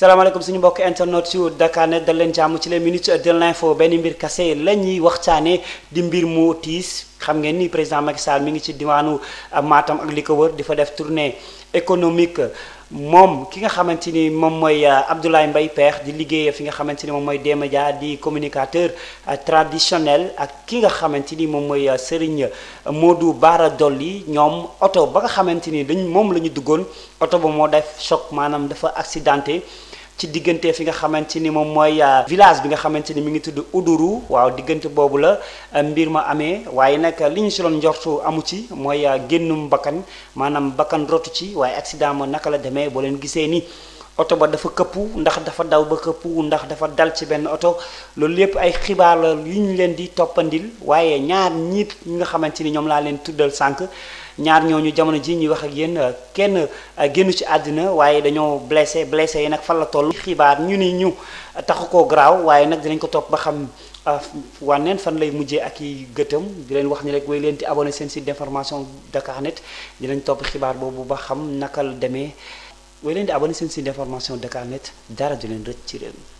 salaamaaleykum suñu mbokk internet yu Dakar Net dal leen jàmm ci les minutes de l'info benn mbir kase la ñuy waxtaane di mbir moo tiis xam ngeen ni président Macky Sall mi ngi ci diwaanu euh, maatam ak li ko wër di fa def tournée économique moom ki nga xamante ni moom mooy euh, Abdoulaye mbay Pekh di liggéey fi nga xamante ni moom mooy d di communicateur euh, traditionnel ak ki nga xamante ni moom mooy Serigne Modou Bara Dolly ñoom oto ba nga xamante ni dañ moom la ñu duggoon oto ba moo def choc maanaam dafa accidenté. ci diggante fi nga xamante ni moom mooy euh, village bi nga xamante ni mu ngi tudd Uduru waaw diggante boobu la euh, mbir ma amee waaye nag euh, li ñu si doon njortu amu ci mooy génnum bakkan maanaam bakkan rotu ci waaye accident ma naka la demee boo leen gisee ni oto ba dafa këppu ndax dafa daw ba këpp ndax dafa dal ci benn oto loolu lépp ay xibaar la yu ñu leen di toppandil waaye ñaar ñiit ñi nga xamante ni ñoom laa leen tuddal sànq ñaar ñu jamono ji ñuy wax ak yenn kenn euh, génn ci àddina waaye dañoo blessé blessé yi nag fan la toll xibaar ñu ni ñu taxu koo garaaw waaye nag dinañ ko topp ba xam euh, wànneen fan lay mujjee ak yi gëtam di leen wax ni rek way leen di abonné seen site d'information Dakarnet dinañ topp xibaar boobu ba xam naka la demee way leen di abonné seen site d'information Dakar Net dara du leen rëcc ci réew